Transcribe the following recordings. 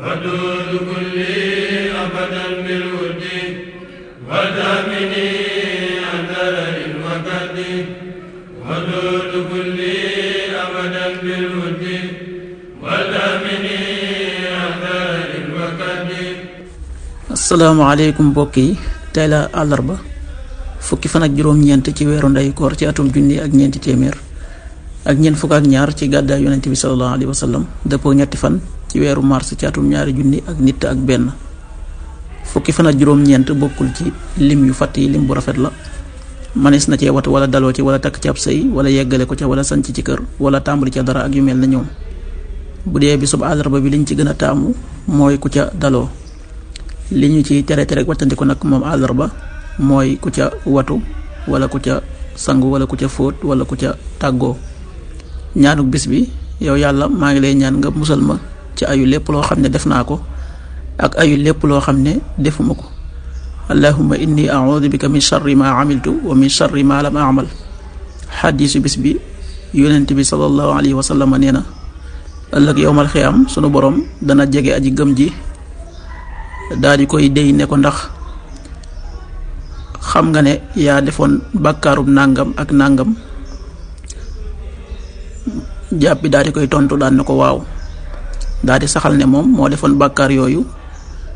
ودود كلي أبدا بالود ودامني أثر المكد ودود كلي أبدا بالود ودامني أثر المكد السلام عليكم بوكي tey la àllarba fukki fan ak juróom-ñeent ci weeru ndey koor ci atum junni ak ñeenti téeméer ak ñeent fukk ak ñaar ci gàddaay yonent bi sallallahu alayhi wa sallam dëppoo ñetti fan ci weeru mars ci atum ñaari junni ak nit ak benn fukki fan ak juróom-ñeent bokkul ci lim yu fatt yi lim bu rafet la manees na cee wat wala daloo ci wala takk ci ab sëy wala yeggale ko ca wala sanc ci kër wala tàmbali ca dara ak yu mel na ñoom bu dee bisub àllarba bi liñ ci gën a taamu mooy ku ca daloo li ñu ci tere tere wattandi ko nag moom àllarba mooy ku ca watu wala ku ca sangu wala ku ca fóot wala ku ca tàggoo ñaanuk bis bi yow yàlla maa ngi lay ñaan nga musal ma ci ayu lépp loo xam ne def naa ko ak ayu lépp loo xam ne defuma ko allahuma inni audu bika min charri ma amiltu wa min charri ma lam amal xadiisu bis bi yonent bi sallallahu alayhi wa sallam nee na ëllëg yowmal xiyaam sunu borom dana jege aji gëm ji daal koy déy ne ko ndax xam nga ne yaa defoon bàkkaarub nàngam ak nàngam jàpp bi daal koy tontu daan na ko waaw daal di saxal ne moom moo defoon bàkkaar yooyu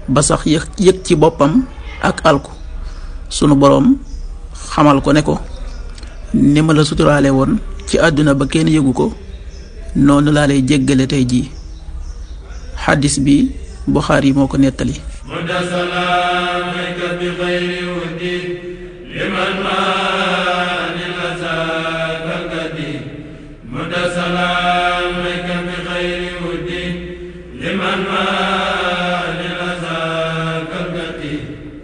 ba sax yëg yëg ci boppam ak alku sunu boroom xamal ko ne ko ni ma suturaale woon ci àdduna ba kenn yëgu ko noonu laa lay jéggale tey jii xaddis bi Buxaari yi moo ko nettali mën